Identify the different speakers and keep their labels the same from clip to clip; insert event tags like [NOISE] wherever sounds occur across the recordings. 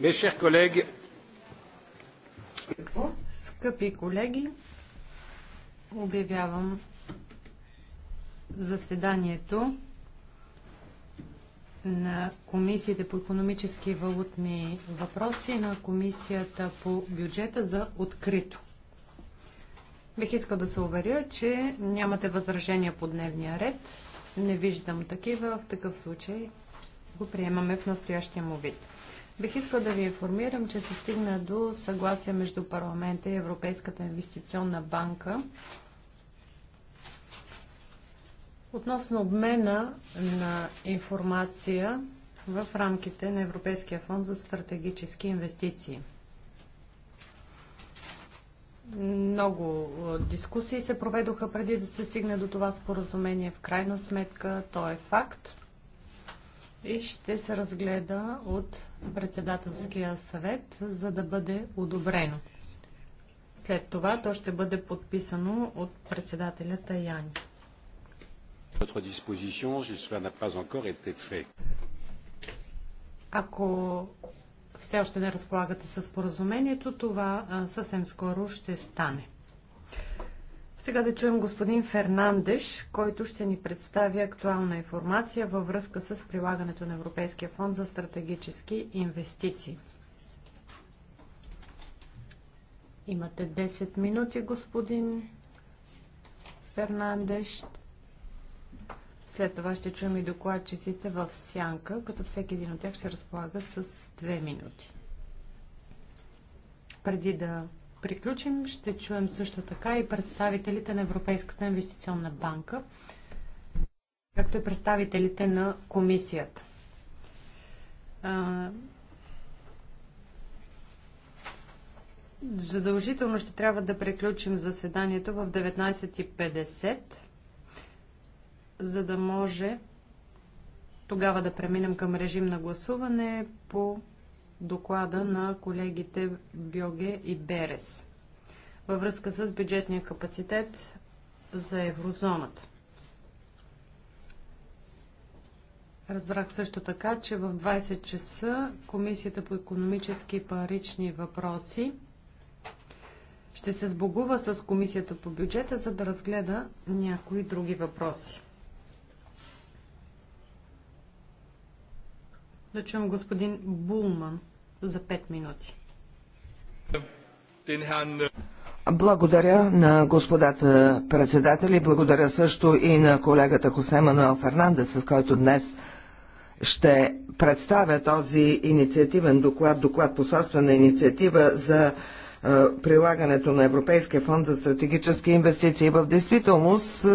Speaker 1: Mes chers collègues,
Speaker 2: Скъпи колеги, обявявам заседанието на Комисията по економически и валутни въпроси и на Комисията по бюджета за открито. Бих искал да се уверя, че нямате възражения по дневния ред. Не виждам такива. В такъв случай го приемаме в настоящия му вид. Бих искал да ви информирам, че се стигна до съгласие между парламента и Европейската инвестиционна банка относно обмена на информация в рамките на Европейския фонд за стратегически инвестиции. Много дискусии се проведоха преди да се стигне до това споразумение. В крайна сметка то е факт и ще се разгледа от председателския съвет, за да бъде одобрено. След това то ще бъде подписано от председателя Таяни. Ако все още не разполагате с поразумението, това съвсем скоро ще стане. Сега да чуем господин Фернандеш, който ще ни представи актуална информация във връзка с прилагането на Европейския фонд за стратегически инвестиции. Имате 10 минути, господин Фернандеш. След това ще чуем и докладчиците в сянка, като всеки един от тях ще разполага с 2 минути. Преди да приключим, ще чуем също така и представителите на Европейската инвестиционна банка, както и представителите на комисията. Задължително ще трябва да приключим заседанието в 19.50, за да може тогава да преминем към режим на гласуване по доклада на колегите Бьоге и Берес във връзка с бюджетния капацитет за еврозоната. Разбрах също така, че в 20 часа Комисията по економически и парични въпроси ще се сбогува с Комисията по бюджета, за да разгледа някои други въпроси. да чуем господин Булман за 5 минути.
Speaker 3: Благодаря на господата председатели, благодаря също и на колегата Хосе Мануел Фернандес, с който днес ще представя този инициативен доклад, доклад по собствена инициатива за е, прилагането на Европейския фонд за стратегически инвестиции. В действителност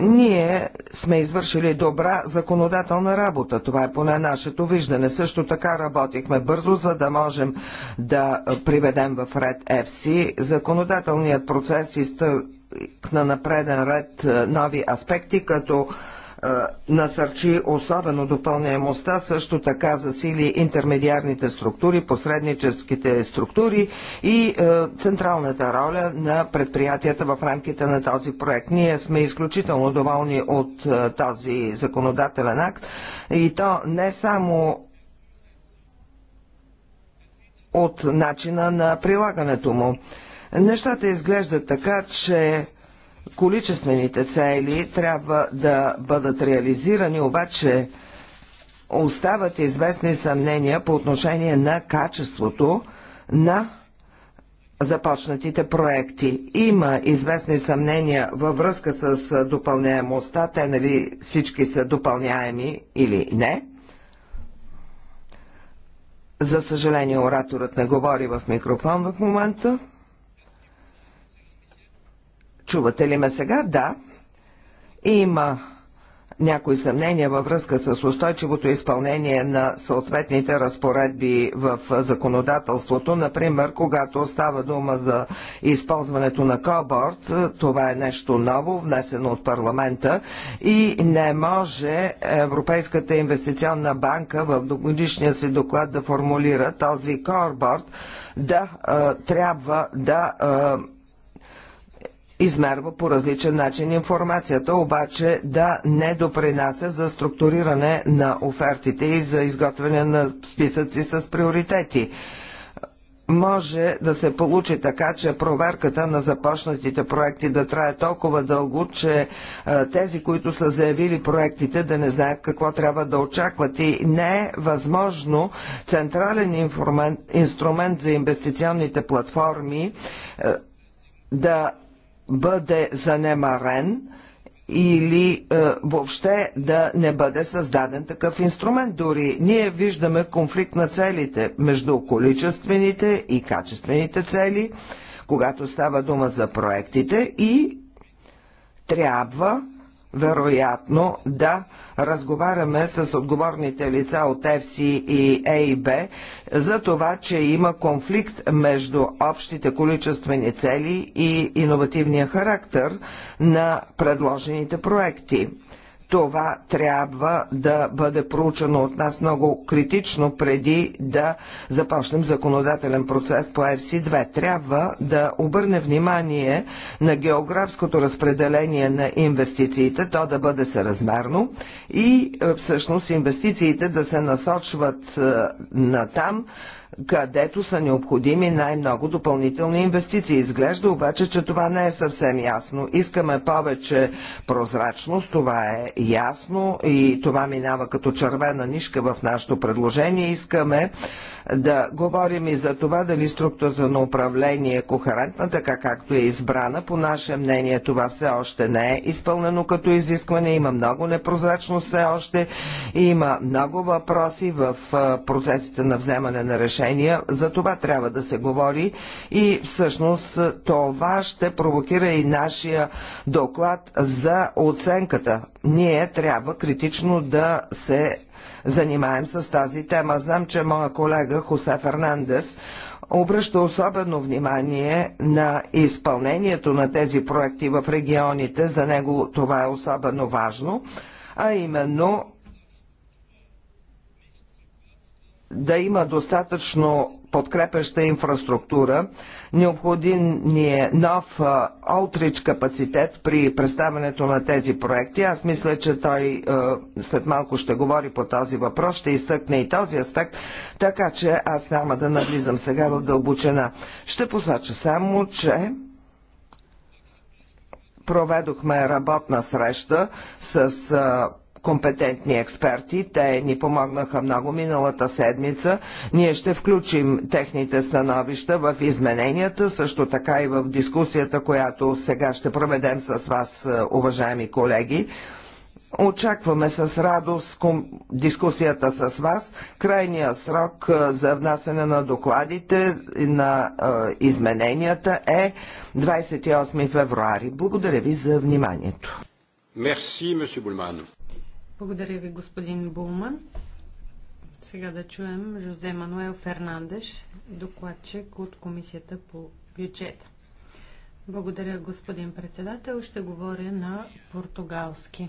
Speaker 3: ние сме извършили добра законодателна работа. Това е поне нашето виждане. Също така работихме бързо, за да можем да приведем в ред ЕФСИ. Законодателният процес изтъкна на преден ред е, нови аспекти, като насърчи особено допълняемостта, също така засили интермедиарните структури, посредническите структури и централната роля на предприятията в рамките на този проект. Ние сме изключително доволни от този законодателен акт и то не само от начина на прилагането му. Нещата изглеждат така, че количествените цели трябва да бъдат реализирани, обаче остават известни съмнения по отношение на качеството на започнатите проекти. Има известни съмнения във връзка с допълняемостта, те нали всички са допълняеми или не. За съжаление, ораторът не говори в микрофон в момента. Чувате ли ме сега? Да. Има някои съмнения във връзка с устойчивото изпълнение на съответните разпоредби в законодателството. Например, когато става дума за използването на коборд, това е нещо ново, внесено от парламента и не може Европейската инвестиционна банка в годишния си доклад да формулира този коборд да а, трябва да а, измерва по различен начин информацията, обаче да не допринася за структуриране на офертите и за изготвяне на списъци с приоритети може да се получи така, че проверката на започнатите проекти да трае толкова дълго, че е, тези, които са заявили проектите, да не знаят какво трябва да очакват. И не е възможно централен инструмент за инвестиционните платформи е, да бъде занемарен или е, въобще да не бъде създаден такъв инструмент. Дори ние виждаме конфликт на целите между количествените и качествените цели, когато става дума за проектите и трябва вероятно да разговаряме с отговорните лица от FC и ЕИБ за това, че има конфликт между общите количествени цели и иновативния характер на предложените проекти това трябва да бъде проучено от нас много критично преди да започнем законодателен процес по FC2. Трябва да обърне внимание на географското разпределение на инвестициите, то да бъде съразмерно и е, всъщност инвестициите да се насочват е, на там, където са необходими най-много допълнителни инвестиции. Изглежда обаче, че това не е съвсем ясно. Искаме повече прозрачност, това е ясно и това минава като червена нишка в нашето предложение. Искаме да говорим и за това дали структурата на управление е кохерентна, така както е избрана. По наше мнение това все още не е изпълнено като изискване. Има много непрозрачност все още има много въпроси в процесите на вземане на решения. За това трябва да се говори и всъщност това ще провокира и нашия доклад за оценката. Ние трябва критично да се занимаем с тази тема. Знам, че моя колега Хосе Фернандес обръща особено внимание на изпълнението на тези проекти в регионите. За него това е особено важно, а именно да има достатъчно подкрепяща инфраструктура. Необходим ни е нов аутрич капацитет при представянето на тези проекти. Аз мисля, че той след малко ще говори по този въпрос, ще изтъкне и този аспект, така че аз няма да навлизам сега в дълбочина. Ще посоча само, че проведохме работна среща с компетентни експерти. Те ни помогнаха много миналата седмица. Ние ще включим техните становища в измененията, също така и в дискусията, която сега ще проведем с вас, е, уважаеми колеги. Очакваме с радост дискусията с вас. Крайния срок е, за внасене на докладите на е, измененията е 28 февруари. Благодаря ви за вниманието.
Speaker 2: Мерси, месье Булман. Благодаря ви, господин Булман. Сега да чуем Жозе Мануел Фернандеш, докладчик от Комисията по бюджета. Благодаря, господин председател. Ще говоря на португалски.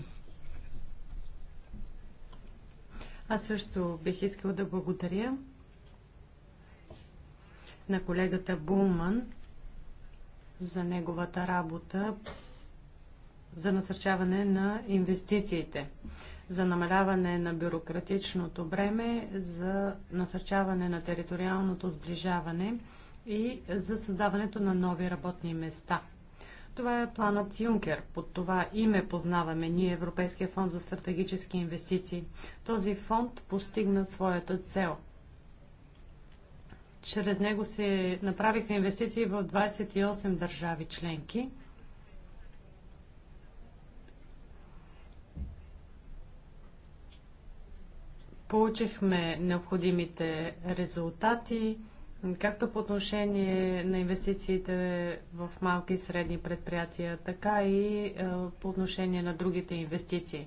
Speaker 2: Аз също бих искал да благодаря на колегата Булман за неговата работа за насърчаване на инвестициите за намаляване на бюрократичното бреме, за насърчаване на териториалното сближаване и за създаването на нови работни места. Това е планът Юнкер. Под това име познаваме ние Европейския фонд за стратегически инвестиции. Този фонд постигна своята цел. Чрез него се направиха инвестиции в 28 държави членки – Получихме необходимите резултати, както по отношение на инвестициите в малки и средни предприятия, така и е, по отношение на другите инвестиции.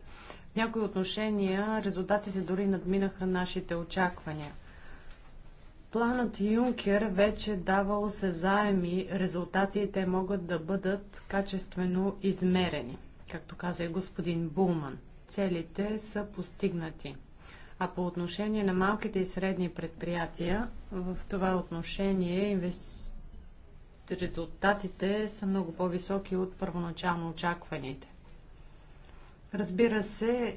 Speaker 2: В някои отношения резултатите дори надминаха нашите очаквания. Планът Юнкер вече дава осезаеми резултати и те могат да бъдат качествено измерени, както каза и господин Булман. Целите са постигнати. А по отношение на малките и средни предприятия, в това отношение резултатите са много по-високи от първоначално очакваните. Разбира се, е,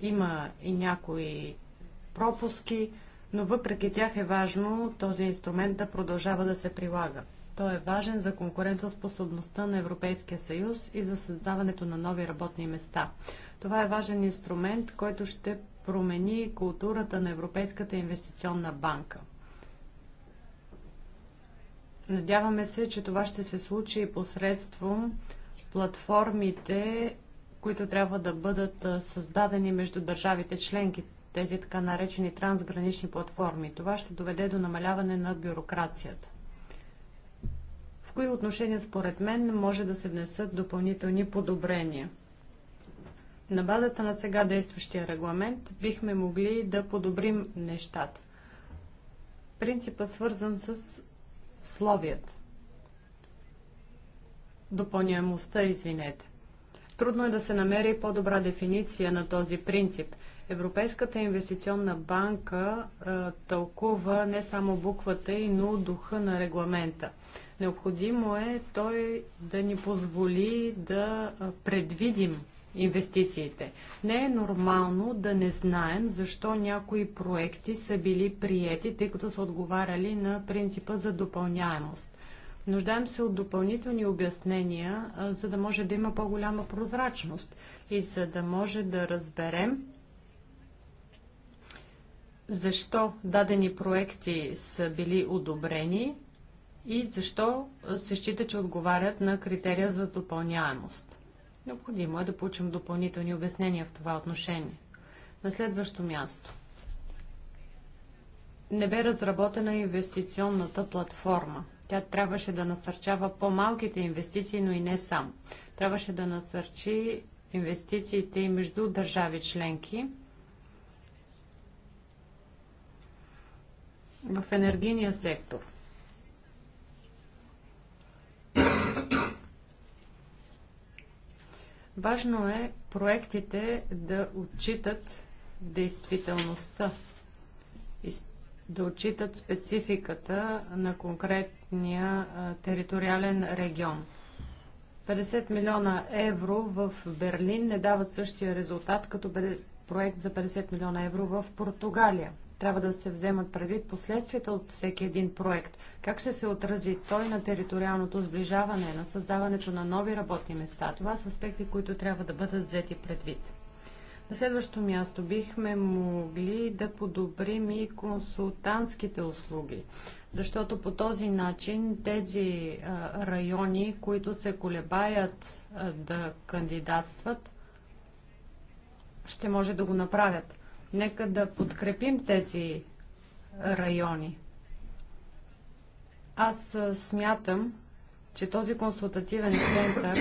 Speaker 2: има и някои пропуски, но въпреки тях е важно този инструмент да продължава да се прилага. Той е важен за конкурентоспособността на Европейския съюз и за създаването на нови работни места. Това е важен инструмент, който ще промени културата на Европейската инвестиционна банка. Надяваме се, че това ще се случи и посредством платформите, които трябва да бъдат създадени между държавите членки, тези така наречени трансгранични платформи. Това ще доведе до намаляване на бюрокрацията. В кои отношения според мен може да се внесат допълнителни подобрения? На базата на сега действащия регламент бихме могли да подобрим нещата. Принципът свързан с условията. Допълняемостта, извинете. Трудно е да се намери по-добра дефиниция на този принцип. Европейската инвестиционна банка а, тълкува не само буквата и, но духа на регламента. Необходимо е той да ни позволи да предвидим инвестициите. Не е нормално да не знаем защо някои проекти са били приети, тъй като са отговаряли на принципа за допълняемост. Нуждаем се от допълнителни обяснения, за да може да има по-голяма прозрачност и за да може да разберем защо дадени проекти са били одобрени и защо се счита, че отговарят на критерия за допълняемост. Необходимо е да получим допълнителни обяснения в това отношение. На следващо място. Не бе разработена инвестиционната платформа. Тя трябваше да насърчава по-малките инвестиции, но и не сам. Трябваше да насърчи инвестициите и между държави членки в енергийния сектор. Важно е проектите да отчитат действителността, да отчитат спецификата на конкретния териториален регион. 50 милиона евро в Берлин не дават същия резултат като проект за 50 милиона евро в Португалия – трябва да се вземат предвид последствията от всеки един проект. Как ще се отрази той на териториалното сближаване, на създаването на нови работни места? Това са аспекти, които трябва да бъдат взети предвид. На следващо място бихме могли да подобрим и консултантските услуги, защото по този начин тези райони, които се колебаят да кандидатстват, ще може да го направят. Нека да подкрепим тези райони. Аз смятам, че този консултативен център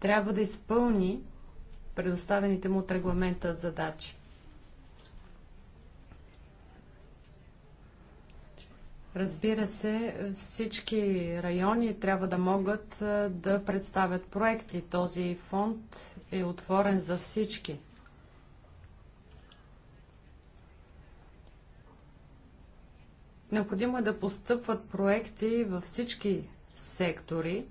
Speaker 2: трябва да изпълни предоставените му от регламента задачи. Разбира се, всички райони трябва да могат да представят проекти. Този фонд е отворен за всички. Необходимо е да постъпват проекти във всички сектори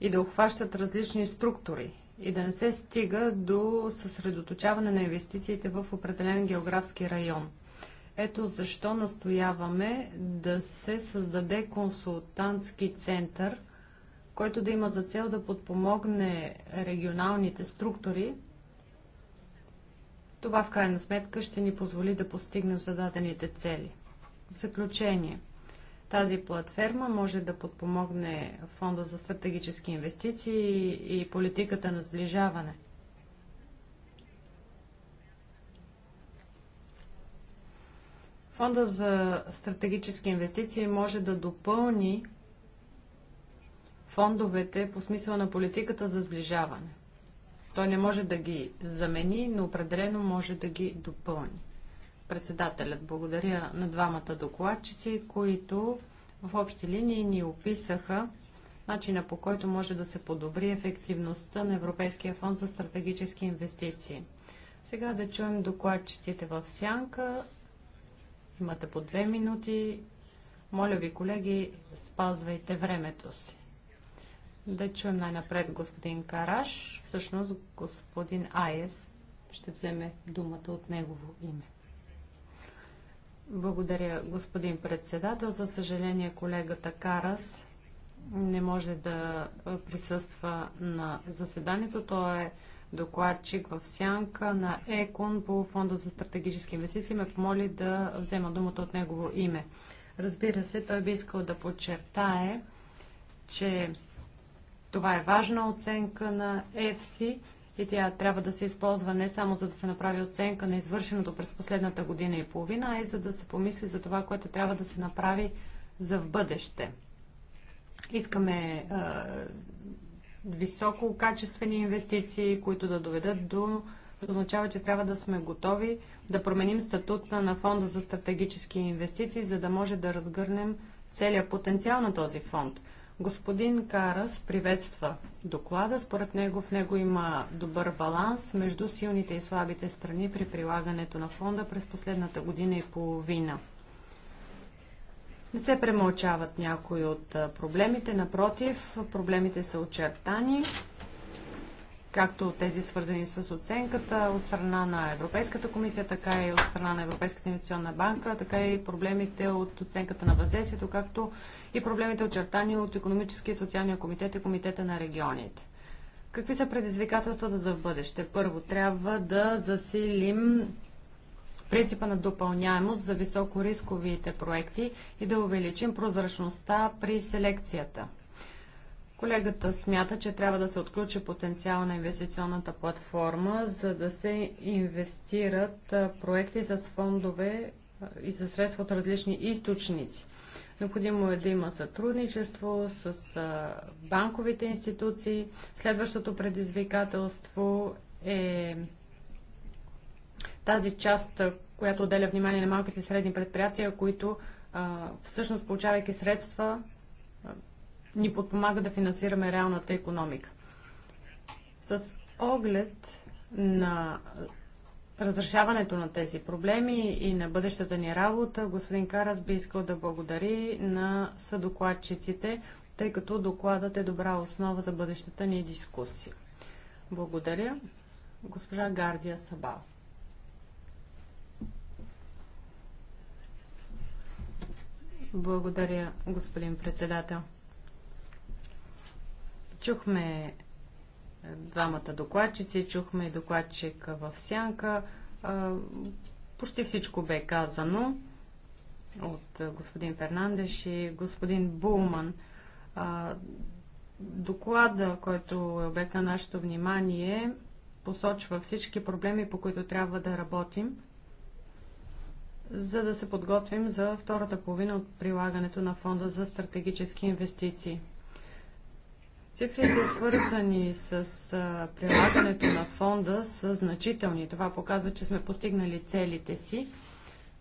Speaker 2: и да обхващат различни структури и да не се стига до съсредоточаване на инвестициите в определен географски район. Ето защо настояваме да се създаде консултантски център, който да има за цел да подпомогне регионалните структури. Това в крайна сметка ще ни позволи да постигнем зададените цели заключение, тази платформа може да подпомогне Фонда за стратегически инвестиции и политиката на сближаване. Фонда за стратегически инвестиции може да допълни фондовете по смисъла на политиката за сближаване. Той не може да ги замени, но определено може да ги допълни председателят. Благодаря на двамата докладчици, които в общи линии ни описаха начина по който може да се подобри ефективността на Европейския фонд за стратегически инвестиции. Сега да чуем докладчиците в сянка. Имате по две минути. Моля ви, колеги, спазвайте времето си. Да чуем най-напред господин Караш. Всъщност господин Аес ще вземе думата от негово име. Благодаря, господин председател. За съжаление, колегата Карас не може да присъства на заседанието. Той е докладчик в Сянка на ЕКОН по Фонда за стратегически инвестиции. Ме помоли да взема думата от негово име. Разбира се, той би искал да подчертае, че това е важна оценка на ЕФСИ и тя трябва да се използва не само за да се направи оценка на извършеното през последната година и половина, а и за да се помисли за това, което трябва да се направи за в бъдеще. Искаме високо висококачествени инвестиции, които да доведат до означава, че трябва да сме готови да променим статута на фонда за стратегически инвестиции, за да може да разгърнем целият потенциал на този фонд – Господин Карас приветства доклада. Според него в него има добър баланс между силните и слабите страни при прилагането на фонда през последната година и половина. Не се премълчават някои от проблемите, напротив, проблемите са очертани както тези свързани с оценката от страна на Европейската комисия, така и от страна на Европейската инвестиционна банка, така и проблемите от оценката на въздействието, както и проблемите очертани от Економическия и социалния комитет и Комитета на регионите. Какви са предизвикателствата за бъдеще? Първо, трябва да засилим принципа на допълняемост за високорисковите проекти и да увеличим прозрачността при селекцията. Колегата смята, че трябва да се отключи потенциал на инвестиционната платформа, за да се инвестират проекти с фондове и със средства от различни източници. Необходимо е да има сътрудничество с банковите институции. Следващото предизвикателство е тази част, която отделя внимание на малките и средни предприятия, които всъщност получавайки средства ни подпомага да финансираме реалната економика. С оглед на разрешаването на тези проблеми и на бъдещата ни работа, господин Карас би искал да благодари на съдокладчиците, тъй като докладът е добра основа за бъдещата ни дискусия. Благодаря. Госпожа Гардия Сабал. Благодаря, господин председател. Чухме е, двамата докладчици, чухме и докладчика в сянка. Е, почти всичко бе казано от е, господин Фернандеш и господин Булман. Доклада, който е обект на нашето внимание, посочва всички проблеми, по които трябва да работим, за да се подготвим за втората половина от прилагането на фонда за стратегически инвестиции. Цифрите, свързани с прилагането на фонда, са значителни. Това показва, че сме постигнали целите си,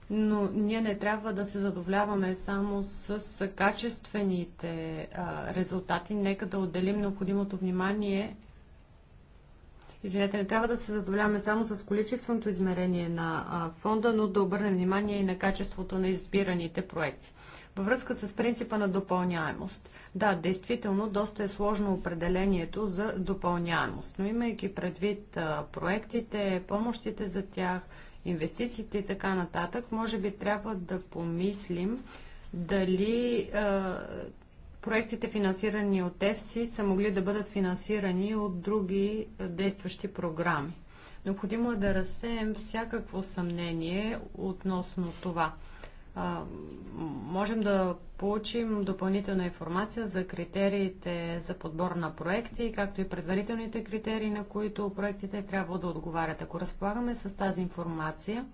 Speaker 2: но ние не трябва да се задоволяваме само с качествените резултати. Нека да отделим необходимото внимание. Извинете, не трябва да се задоволяваме само с количественото измерение на фонда, но да обърнем внимание и на качеството на избираните проекти. Във връзка с принципа на допълняемост. Да, действително, доста е сложно определението за допълняемост, но имайки предвид а, проектите, помощите за тях, инвестициите и така нататък, може би трябва да помислим дали а, проектите финансирани от ЕФСИ са могли да бъдат финансирани от други действащи програми. Необходимо е да разсеем всякакво съмнение относно това – можем да получим допълнителна информация за критериите за подбор на проекти, както и предварителните критерии, на които проектите трябва да отговарят. Ако разполагаме с тази информация,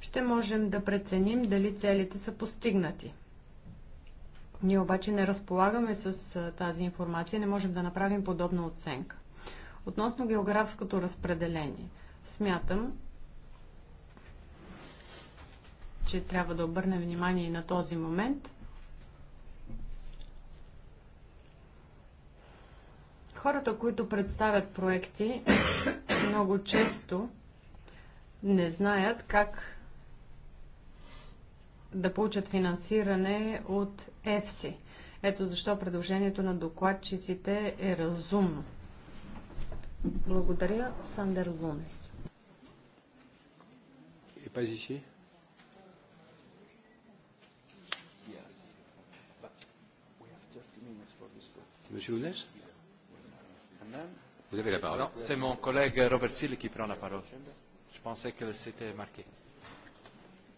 Speaker 2: ще можем да преценим дали целите са постигнати. Ние обаче не разполагаме с тази информация, не можем да направим подобна оценка. Относно географското разпределение, смятам, че трябва да обърнем внимание и на този момент. Хората, които представят проекти, [COUGHS] много често не знаят как да получат финансиране от ЕФСИ. Ето защо предложението на докладчиците е разумно. Благодаря, Сандер Лунес.
Speaker 1: И е, пази си. Monsieur Ounès Vous avez la parole. Non, c'est mon collègue Robert Sill qui prend la parole. Je pensais que c'était marqué.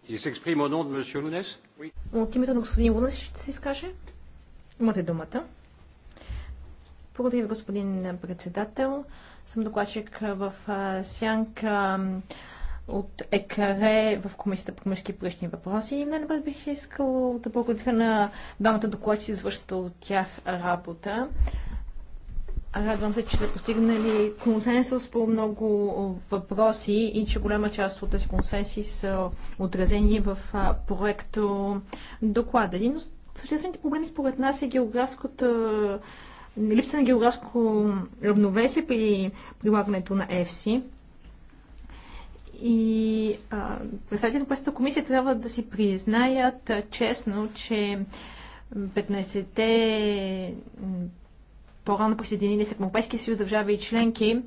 Speaker 2: Il s'exprime au nom de Monsieur Лунес?
Speaker 1: Oui. От името на господин Лунес ще се изкаже. Имате думата. Благодаря ви, господин председател. Съм докладчик в Сянка от ЕКРЕ в Комисията по мъжки и прилични въпроси. И най-напред бих искал да благодаря на двамата докладчици, извършата от тях работа. Радвам се, че са постигнали консенсус по много въпроси и че голяма част от тези консенси са отразени в проекто доклада. Един от съществените проблеми според нас е географската е, липса на географско равновесие при прилагането на EFSI и представителите на Пресната комисия трябва да си признаят честно, че 15-те по-рано присъединили се към Европейския съюз държави и членки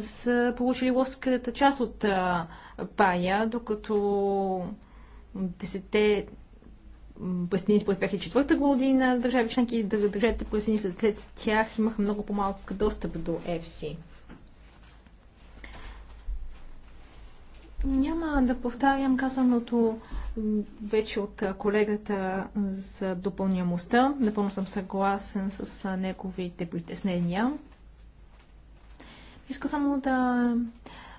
Speaker 1: са получили лоската част от пая, докато 10-те присъедини според 2004 година държави членки, държавите присъедини след тях имаха много по-малък достъп до ЕФСИ. Няма да повтарям казаното вече от колегата за допълнямостта. Напълно съм съгласен с неговите притеснения. Иска само да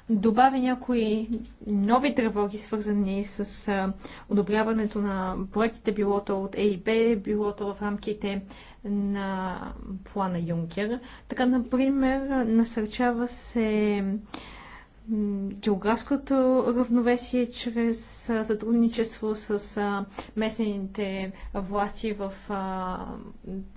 Speaker 1: добавя някои нови тревоги, свързани с одобряването на проектите, било то от ЕИБ, било то в рамките на плана Юнкер. Така, например, насърчава се географското равновесие чрез сътрудничество с местните власти в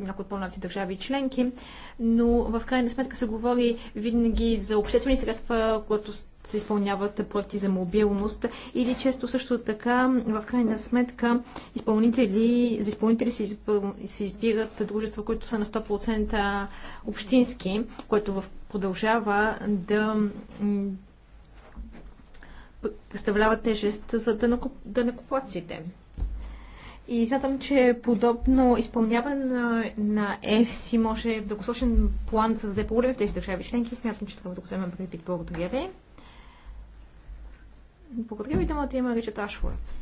Speaker 1: някои от по-новите държави и членки, но в крайна сметка се говори винаги за обществени средства, които се изпълняват проекти за мобилност или често също така в крайна сметка изпълнители, за изпълнители се, избър, се избират дружества, които са на 100% общински, което в продължава да представляват тежест за данакоплаците. И смятам, че подобно изпълняване на, на ЕФСИ може в дългосрочен план да създаде проблеми в тези държави членки. Смятам, че трябва да го вземем предвид. Благодаря ви. Благодаря ви, думата има Ричард Ашфорд.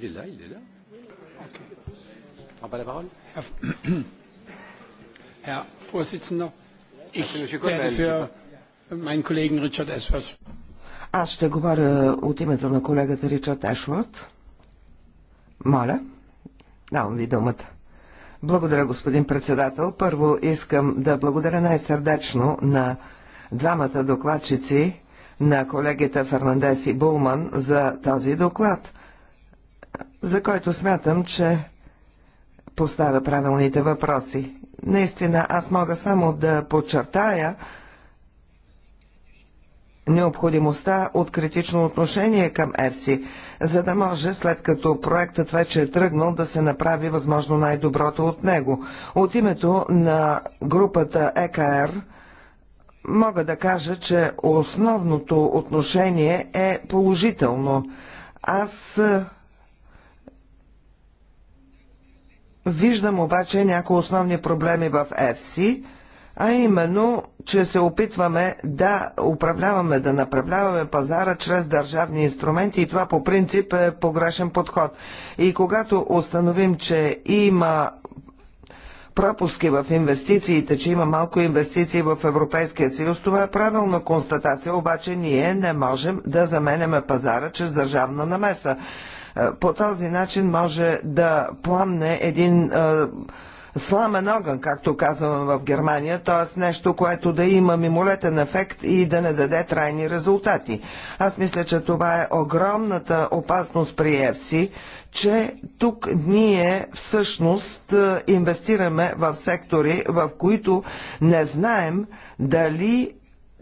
Speaker 1: Il est
Speaker 2: là, il est là. Okay. la parole. [CLEARS THROAT] Herr Vorsitzender. Ich werde für meinen Kollegen Richard Ashworth.
Speaker 3: Аз ще говоря от името на колегата Ричард Ешвард. Моля, давам ви думата. Благодаря, господин председател. Първо искам да благодаря най-сърдечно на двамата докладчици, на колегите Фернандес и Булман за този доклад, за който смятам, че поставя правилните въпроси. Наистина, аз мога само да подчертая необходимостта от критично отношение към ЕФСИ, за да може, след като проектът вече е тръгнал, да се направи възможно най-доброто от него. От името на групата ЕКР мога да кажа, че основното отношение е положително. Аз Виждам обаче някои основни проблеми в FC, а именно, че се опитваме да управляваме, да направляваме пазара чрез държавни инструменти и това по принцип е погрешен подход. И когато установим, че има пропуски в инвестициите, че има малко инвестиции в Европейския съюз, това е правилна констатация, обаче ние не можем да заменяме пазара чрез държавна намеса. Е, по този начин може да пламне един е, сламен огън, както казваме в Германия, т.е. нещо, което да има мимолетен ефект и да не даде трайни резултати. Аз мисля, че това е огромната опасност при ЕФСИ, че тук ние всъщност е, инвестираме в сектори, в които не знаем дали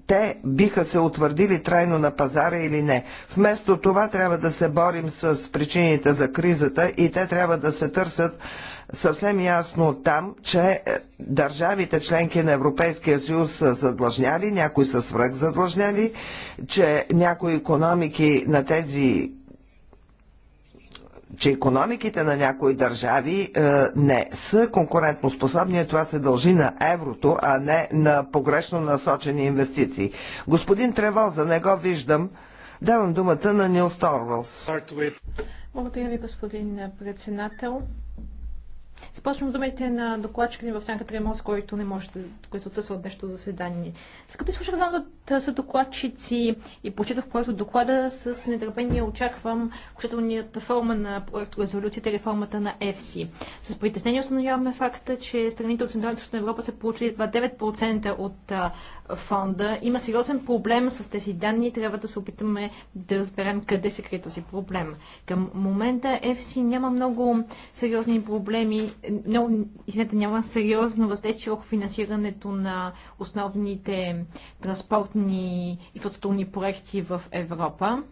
Speaker 3: те биха се утвърдили трайно на пазара или не. Вместо това трябва да се борим с причините за кризата и те трябва да се търсят съвсем ясно там, че е, държавите членки на Европейския съюз са задлъжняли, някои са свръхзадлъжняли, че някои економики на тези че економиките на някои държави е, не са конкурентоспособни, това се дължи на еврото, а не на погрешно насочени инвестиции. Господин Тревоза, не го виждам. Давам думата на Нил Сторвелс.
Speaker 1: Благодаря ви, господин председател. Спочвам думите на докладчика ни в Сянка Тремос, който не може да, който отсъства от днешното заседание. След като изслушах да са докладчици и почитах проекто доклада, с нетърпение очаквам включителната форма на проект, резолюцията и реформата на ЕФСИ. С притеснение установяваме факта, че страните от Централната и Европа са получили 9% от а, фонда. Има сериозен проблем с тези данни и трябва да се опитаме да разберем къде се крие този проблем. Към момента ЕФСИ няма много сериозни проблеми много, извинете, няма сериозно въздействие върху финансирането на основните транспортни инфраструктурни проекти в Европа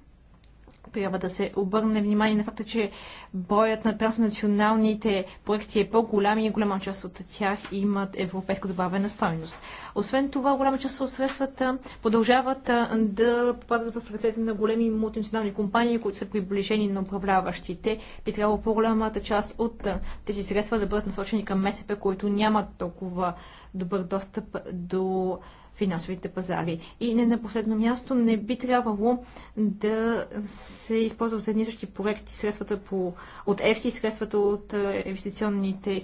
Speaker 1: трябва да се обърне внимание на факта, че броят на транснационалните проекти е по-голям и голяма част от тях имат европейска добавена стойност. Освен това, голяма част от средствата продължават да попадат в ръцете на големи мултинационални компании, които са приближени на управляващите. Би трябвало по-голямата част от тези средства да бъдат насочени към МСП, които нямат толкова добър достъп до финансовите пазари. И не на последно място не би трябвало да се използват за едни същи проекти средствата по, от ЕФСИ, средствата от инвестиционните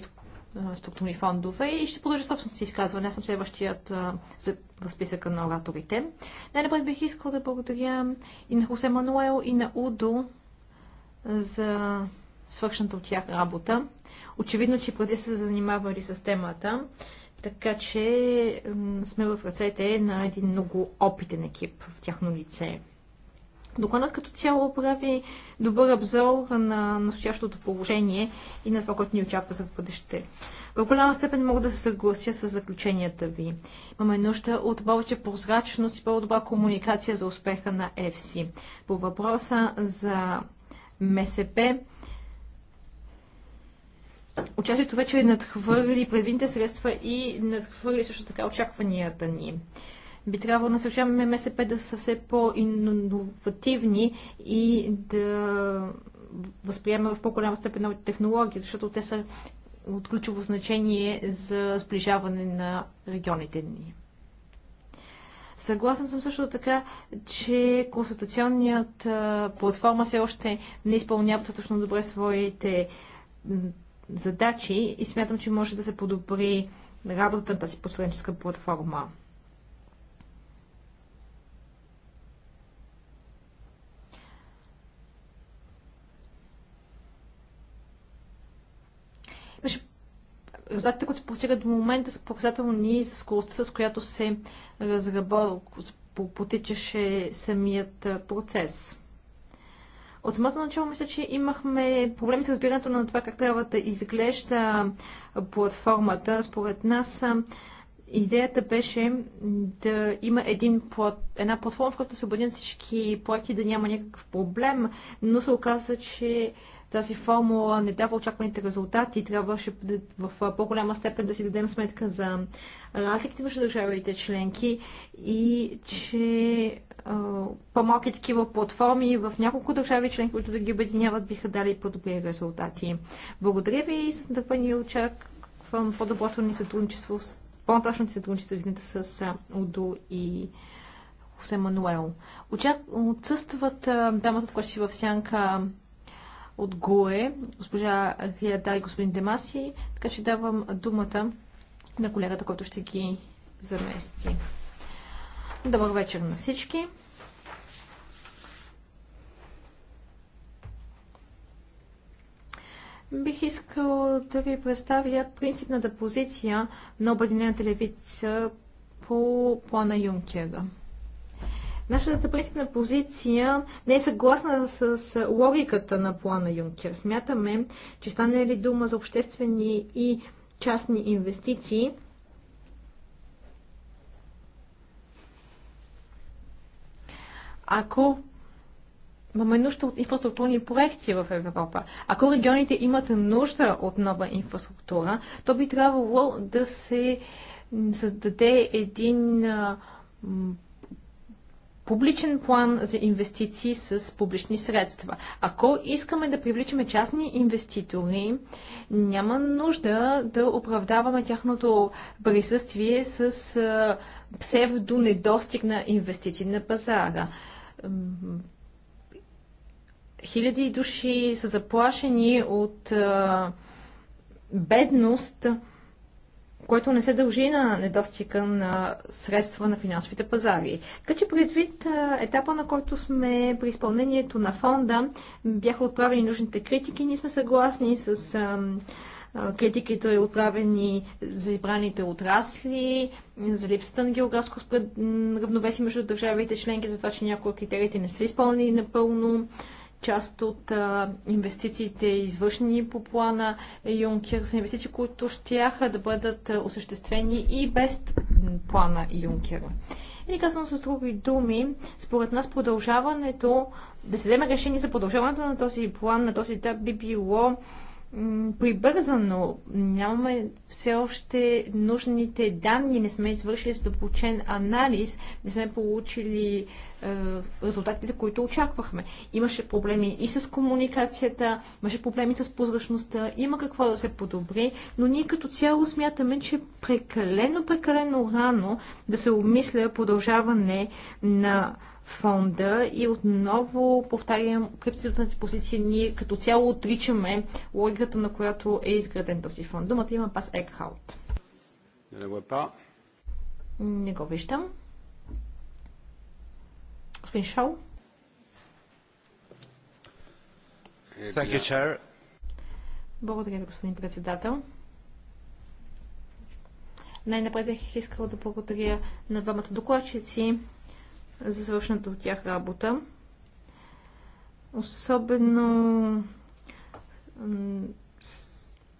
Speaker 1: структурни фондове и ще продължа собственото си изказване. Аз съм следващият а, за, в списъка на ораторите. Най-напред бих искал да благодаря и на Хосе Мануел, и на Удо за свършната от тях работа. Очевидно, че преди са занимавали с темата. Така че сме в ръцете на един много опитен екип в тяхно лице. Докладът като цяло прави добър обзор на настоящото положение и на това, което ни очаква за бъдеще. В голяма степен мога да се съглася с заключенията ви. Имаме нужда от повече прозрачност и по-добра комуникация за успеха на EFSI. По въпроса за МСП, участието вече е надхвърли предвидните средства и надхвърли също така очакванията ни. Би трябвало да насърчаваме МСП да са все по-инновативни и да възприемат в по-голяма степен новите технологии, защото те са от ключово значение за сближаване на регионите ни. Съгласен съм също така, че консултационният платформа все още не изпълнява достатъчно добре своите задачи и смятам, че може да се подобри работата на тази посредническа платформа. резултатите, които се постигат до момента, са показателни за скоростта, с която се разработва, потичаше самият процес. От самото начало мисля, че имахме проблеми с разбирането на това как трябва да изглежда платформата. Според нас идеята беше да има един плат, една платформа, в която се бъдят всички проекти, да няма някакъв проблем, но се оказа, че тази формула не дава очакваните резултати. Трябваше в по-голяма степен да си дадем сметка за разликите между държавите членки и че по-малки такива платформи в няколко държави член, които да ги обединяват, биха дали по-добри резултати. Благодаря ви и с нетърпение очаквам по-доброто ни сътрудничество, по-нататъчно ни сътрудничество извините, с Удо и Хосе Мануел. Очак... Отсъстват дамата, която си в сянка от ГОЕ, госпожа Хияда и господин Демаси, така че давам думата на колегата, който ще ги замести. Добър вечер на всички. Бих искал да ви представя принципната позиция на Обединената левица по плана Юнкера. Нашата принципна позиция не е съгласна с логиката на плана Юнкер. Смятаме, че стане ли дума за обществени и частни инвестиции, ако имаме нужда от инфраструктурни проекти в Европа. Ако регионите имат нужда от нова инфраструктура, то би трябвало да се създаде един а, публичен план за инвестиции с публични средства. Ако искаме да привличаме частни инвеститори, няма нужда да оправдаваме тяхното присъствие с псевдонедостиг на инвестиции на пазара. Хиляди души са заплашени от бедност, което не се дължи на недостига на средства на финансовите пазари. Така че предвид етапа, на който сме при изпълнението на фонда, бяха отправени нужните критики. Ние сме съгласни с критиките отправени за избраните отрасли, за липсата на географско равновесие между държавите членки, за това, че някои от критериите не са изпълнени напълно. Част от а, инвестициите, извършени по плана Юнкер, са инвестиции, които ще да бъдат осъществени и без плана Юнкер. Или казано с други думи, според нас продължаването, да се вземе решение за продължаването на този план, на този етап би било прибързано, нямаме все още нужните данни, не сме извършили задълбочен анализ, не сме получили е, резултатите, които очаквахме. Имаше проблеми и с комуникацията, имаше проблеми с прозрачността, има какво да се подобри, но ние като цяло смятаме, че прекалено, прекалено рано да се обмисля продължаване на фонда и отново повтарям крипсивната позиция. Ние като цяло отричаме логиката, на която е изграден този фонд. Думата има пас Екхаут. Не го е виждам. Господин Шоу.
Speaker 3: You,
Speaker 1: Благодаря ви, господин председател. Най-напред бих искала да благодаря на двамата докладчици за свършната от тях работа. Особено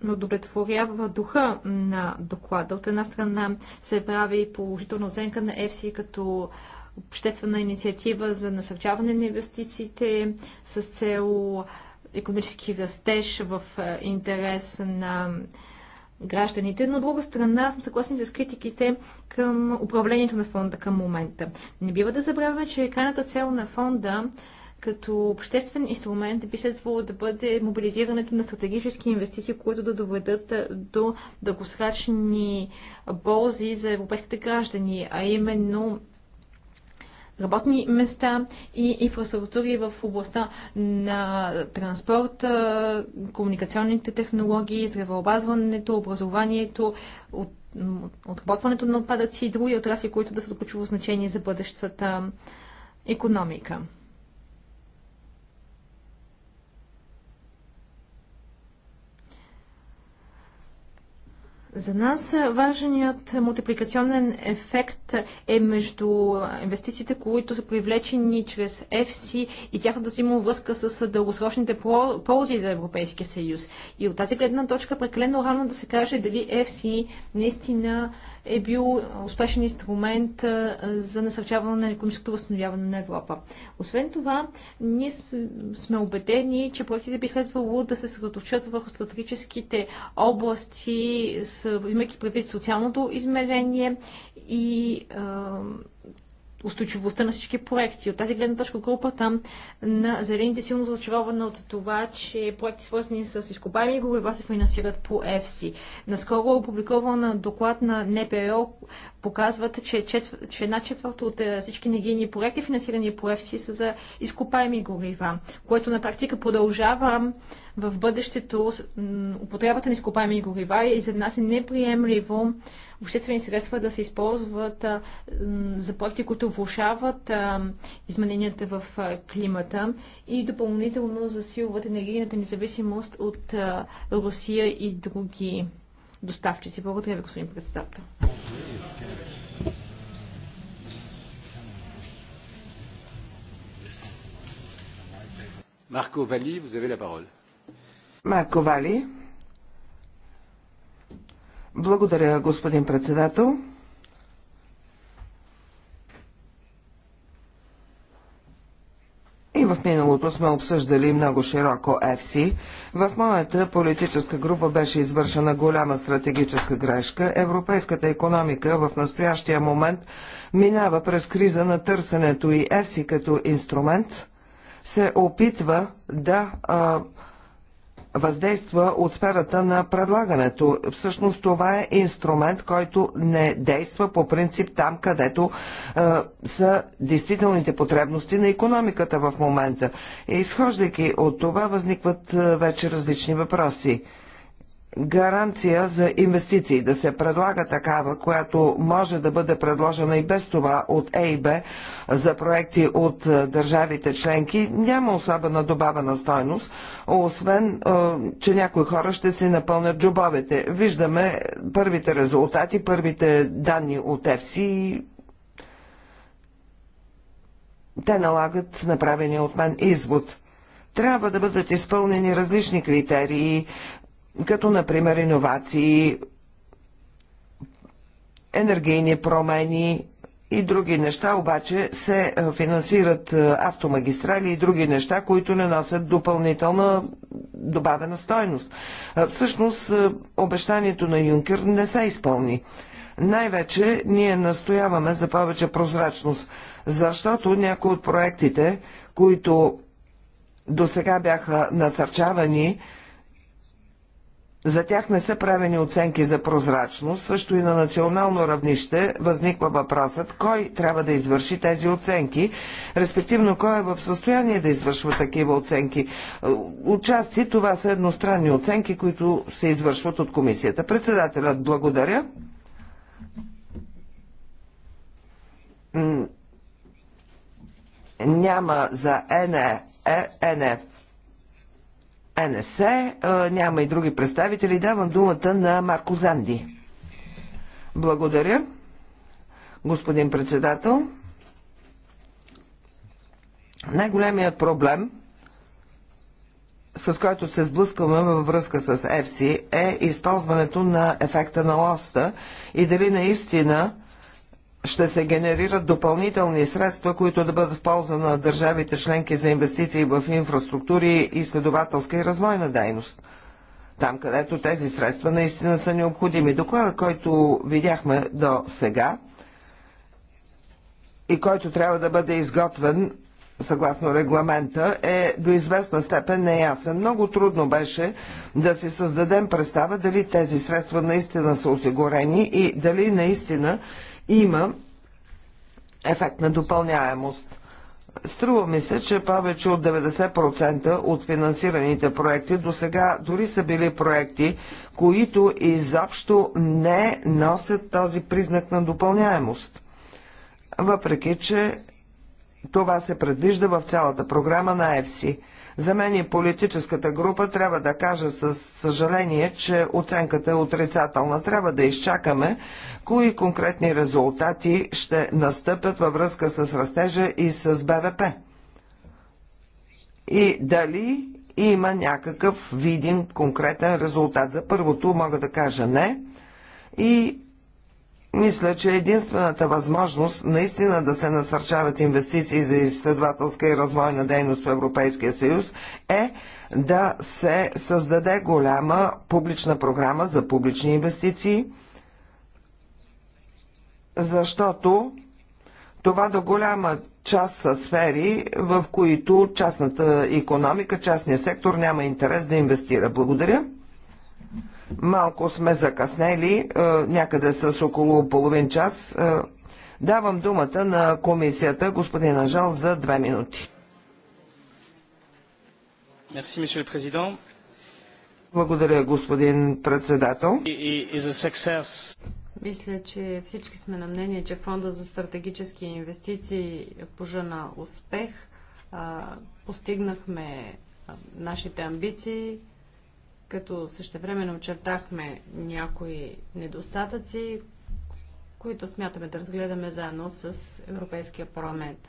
Speaker 1: удовлетворява духа на доклада. От една страна се прави положителна оценка на ЕФСИ като обществена инициатива за насърчаване на инвестициите с цел економически растеж в е, интерес на гражданите, но от друга страна съм съгласен с критиките към управлението на фонда към момента. Не бива да забравяме, че крайната цел на фонда като обществен инструмент би следвало да бъде мобилизирането на стратегически инвестиции, които да доведат до дългосрачни ползи за европейските граждани, а именно работни места и инфраструктури в областта на транспорта, комуникационните технологии, здравеобазването, образованието, от, отработването на отпадъци и други отрасли, които да са от ключово значение за бъдещата економика. За нас важният мултипликационен ефект е между инвестициите, които са привлечени чрез EFSI и тяхната да връзка с дългосрочните ползи за Европейския съюз. И от тази гледна точка прекалено рано да се каже дали EFSI наистина е бил успешен инструмент за насърчаване на економическото възстановяване на Европа. Освен това, ние сме убедени, че проектите би следвало да се съсредоточат върху стратегическите области, имайки предвид социалното измерение и устойчивостта на всички проекти. От тази гледна точка групата на зелените силно зачарована от това, че проекти свързани с изкопаеми горива се финансират по ЕФСИ. Наскоро опубликован доклад на НПО показват, че, четвър... че една четвърта от е, всички негийни проекти, финансирани по ЕФСИ, са за изкопаеми горива, което на практика продължава в бъдещето употребата на изкопаеми горива и за нас е неприемливо обществени средства да се използват за проекти, които влушават измененията в климата и допълнително засилват енергийната независимост от Русия и други доставчици. Благодаря ви, господин председател. Марко Вали, vous avez
Speaker 3: Марко Вали. Благодаря, господин председател. И в миналото сме обсъждали много широко ЕФСИ. В моята политическа група беше извършена голяма стратегическа грешка. Европейската економика в настоящия момент минава през криза на търсенето и ЕФСИ като инструмент се опитва да а, въздейства от сферата на предлагането. Всъщност това е инструмент, който не действа по принцип там, където е, са действителните потребности на економиката в момента. Изхождайки от това, възникват вече различни въпроси гаранция за инвестиции, да се предлага такава, която може да бъде предложена и без това от ЕИБ за проекти от е, държавите членки, няма особена добавена стойност, освен, е, че някои хора ще си напълнят джобовете. Виждаме първите резултати, първите данни от ЕФСИ и те налагат направения от мен извод – трябва да бъдат изпълнени различни критерии, като например иновации, енергийни промени и други неща, обаче се финансират автомагистрали и други неща, които не носят допълнителна добавена стойност. Всъщност, обещанието на Юнкер не се изпълни. Най-вече ние настояваме за повече прозрачност, защото някои от проектите, които до сега бяха насърчавани, за тях не са правени оценки за прозрачност, също и на национално равнище възниква въпросът кой трябва да извърши тези оценки, респективно кой е в състояние да извършва такива оценки. Участи това са едностранни оценки, които се извършват от комисията. Председателят благодаря. Няма за НЕ е, НФ е. НС, няма и други представители. Давам думата на Марко Занди. Благодаря, господин председател. Най-големият проблем, с който се сблъскваме във връзка с ЕФСИ, е използването на ефекта на лоста и дали наистина ще се генерират допълнителни средства, които да бъдат в полза на държавите членки за инвестиции в инфраструктури, изследователска и развойна дейност. Там, където тези средства наистина са необходими. Докладът, който видяхме до сега и който трябва да бъде изготвен съгласно регламента, е до известна степен неясен. Много трудно беше да си създадем представа дали тези средства наистина са осигурени и дали наистина има ефект на допълняемост. Струва ми се, че повече от 90% от финансираните проекти до сега дори са били проекти, които изобщо не носят този признак на допълняемост. Въпреки, че това се предвижда в цялата програма на ЕФСИ – за мен и политическата група трябва да кажа с съжаление, че оценката е отрицателна. Трябва да изчакаме кои конкретни резултати ще настъпят във връзка с растежа и с БВП. И дали има някакъв виден конкретен резултат. За първото мога да кажа не. И мисля, че единствената възможност наистина да се насърчават инвестиции за изследователска и развойна дейност в Европейския съюз е да се създаде голяма публична програма за публични инвестиции, защото това до голяма част са сфери, в които частната економика, частния сектор няма интерес да инвестира. Благодаря. Малко сме закъснели, е, някъде с около половин час. Е, давам думата на комисията, господин Анжал, за две минути. Благодаря, господин председател.
Speaker 2: Мисля, че всички сме на мнение, че Фонда за стратегически инвестиции е пожена успех. Постигнахме нашите амбиции като същевременно очертахме някои недостатъци, които смятаме да разгледаме заедно с Европейския парламент.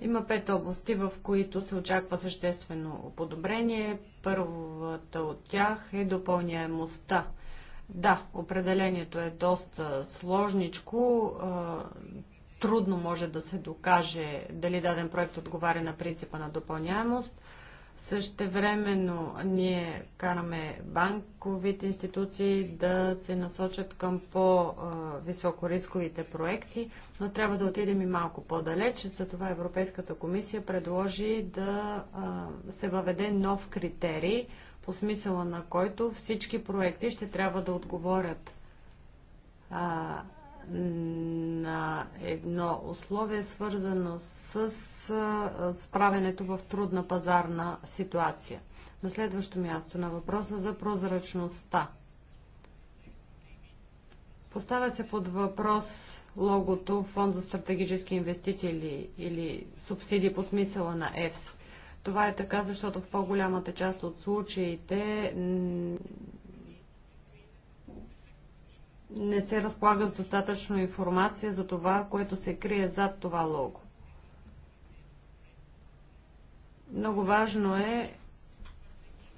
Speaker 2: Има пет области, в които се очаква съществено подобрение. Първата от тях е допълняемостта. Да, определението е доста сложничко. Трудно може да се докаже дали даден проект отговаря на принципа на допълняемост. Същевременно ние караме банковите институции да се насочат към по-високо рисковите проекти, но трябва да отидем и малко по-далеч. За това Европейската комисия предложи да се въведе нов критерий, по смисъла на който всички проекти ще трябва да отговорят на едно условие, свързано с справенето в трудна пазарна ситуация. На следващо място на въпроса за прозрачността. Поставя се под въпрос логото Фонд за стратегически инвестиции или, или субсидии по смисъла на ЕФС. Това е така, защото в по-голямата част от случаите не се разполага с достатъчно информация за това, което се крие зад това лого. Много важно е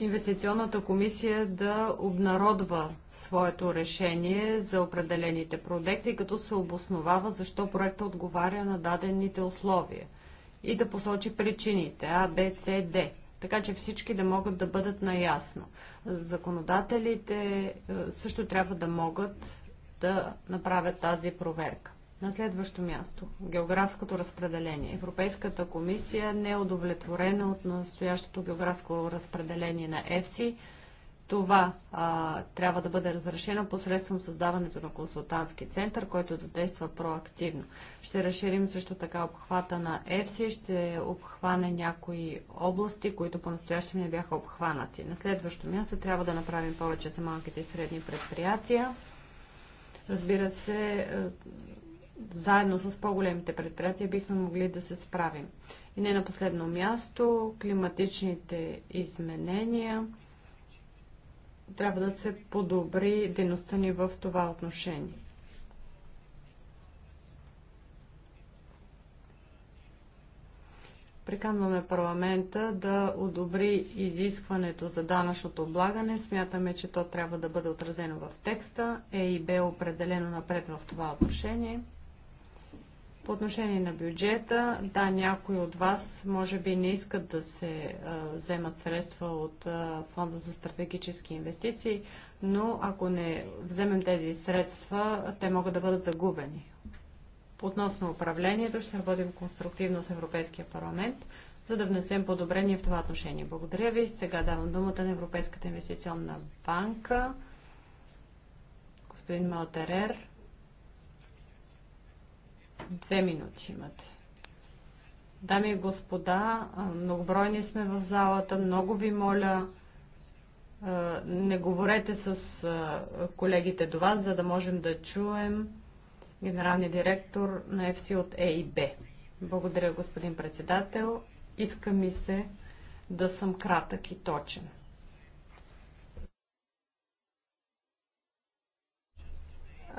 Speaker 2: инвестиционната комисия да обнародва своето решение за определените проекти, като се обосновава защо проектът отговаря на дадените условия и да посочи причините А, Б, С, Д, така че всички да могат да бъдат наясно. Законодателите е, също трябва да могат да направят тази проверка. На следващо място географското разпределение. Европейската комисия не е удовлетворена от настоящото географско разпределение на ЕФСИ. Това а, трябва да бъде разрешено посредством създаването на консултантски център, който да действа проактивно. Ще разширим също така обхвата на ЕФСИ, ще обхване някои области, които по-настоящем не бяха обхванати. На следващо място трябва да направим повече за малките и средни предприятия. Разбира се, заедно с по-големите предприятия бихме могли да се справим. И не на последно място, климатичните изменения. Трябва да се подобри дейността ни в това отношение. Приканваме парламента да одобри изискването за данъчното облагане. Смятаме, че то трябва да бъде отразено в текста. Е и бе определено напред в това отношение. По отношение на бюджета, да, някои от вас може би не искат да се а, вземат средства от а, Фонда за стратегически инвестиции, но ако не вземем тези средства, те могат да бъдат загубени. Относно управлението ще работим конструктивно с Европейския парламент, за да внесем подобрение в това отношение. Благодаря ви. Сега давам думата на Европейската инвестиционна банка. Господин Малтерер. Две минути имате. Дами и господа, многобройни сме в залата. Много ви моля, не говорете с колегите до вас, за да можем да чуем генералния директор на ЕФСИ от ЕИБ. Благодаря, господин председател. Иска ми се да съм кратък и точен.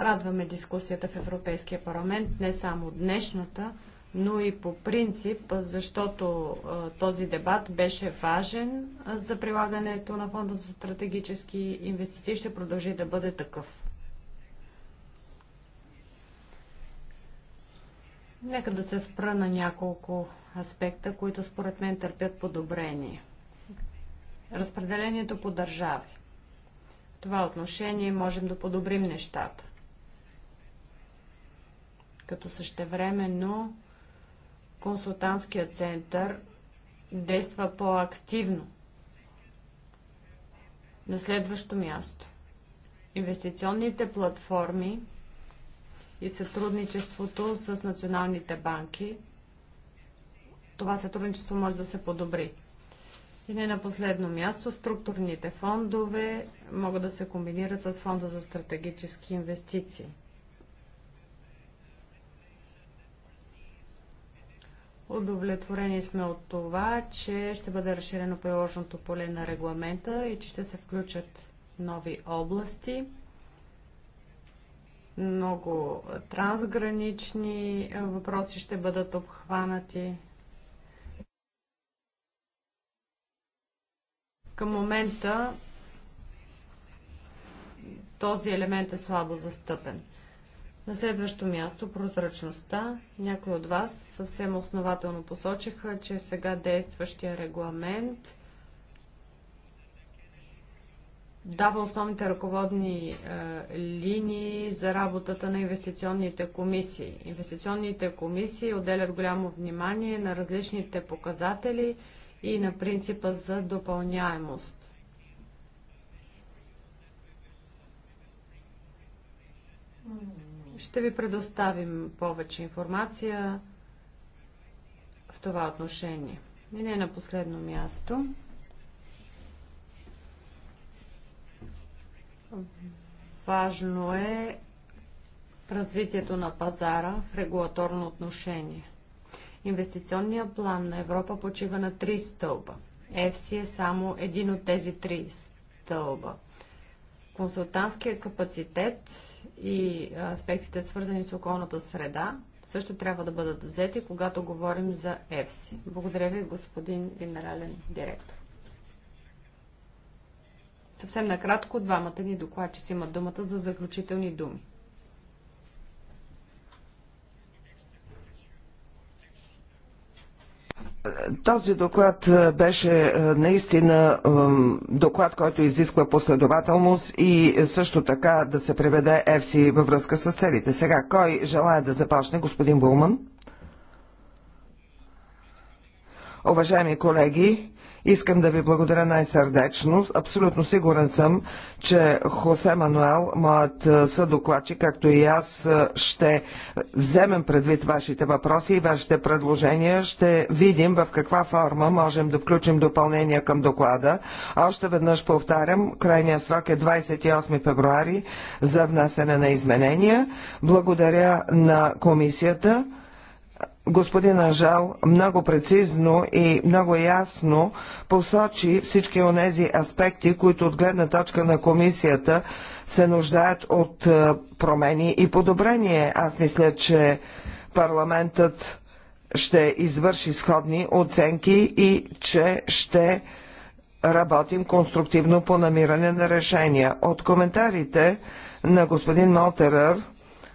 Speaker 2: Радваме дискусията в Европейския парламент, не само днешната, но и по принцип, защото този дебат беше важен за прилагането на Фонда за стратегически инвестиции, ще продължи да бъде такъв. Нека да се спра на няколко аспекта, които според мен търпят подобрение. Разпределението по държави. В това отношение можем да подобрим нещата като същевременно консултантският център действа по-активно. На следващо място. Инвестиционните платформи и сътрудничеството с националните банки. Това сътрудничество може да се подобри. И не на последно място, структурните фондове могат да се комбинират с фонда за стратегически инвестиции. Удовлетворени сме от това, че ще бъде разширено приложното поле на регламента и че ще се включат нови области, много трансгранични въпроси ще бъдат обхванати. Към момента този елемент е слабо застъпен. На следващо място прозрачността. Някои от вас съвсем основателно посочиха, че сега действащия регламент дава основните ръководни е, линии за работата на инвестиционните комисии. Инвестиционните комисии отделят голямо внимание на различните показатели и на принципа за допълняемост. Mm-hmm. Ще ви предоставим повече информация в това отношение. И не на последно място. Важно е развитието на пазара в регулаторно отношение. Инвестиционният план на Европа почива на три стълба. ЕФСИ е само един от тези три стълба. Консултантския капацитет и аспектите, свързани с околната среда, също трябва да бъдат взети, когато говорим за ЕФСИ. Благодаря ви, господин генерален директор. Съвсем накратко, двамата ни докладчици имат думата за заключителни думи.
Speaker 3: Този доклад е, беше е, наистина доклад, който изисква последователност и е, също така да се преведе ЕФСИ във връзка с целите. Сега, кой желая да започне? Господин Булман. Уважаеми колеги, Искам да ви благодаря най-сърдечно. Абсолютно сигурен съм, че Хосе Мануел, моят съдокладчик, както и аз, ще вземем предвид вашите въпроси и вашите предложения. Ще видим в каква форма можем да включим допълнения към доклада. Още веднъж повтарям, крайния срок е 28 февруари за внасене на изменения. Благодаря на комисията господин Анжал много прецизно и много ясно посочи всички онези аспекти, които от гледна точка на комисията се нуждаят от е, промени и подобрение. Аз мисля, че парламентът ще извърши сходни оценки и че ще работим конструктивно по намиране на решения. От коментарите на господин Молтерър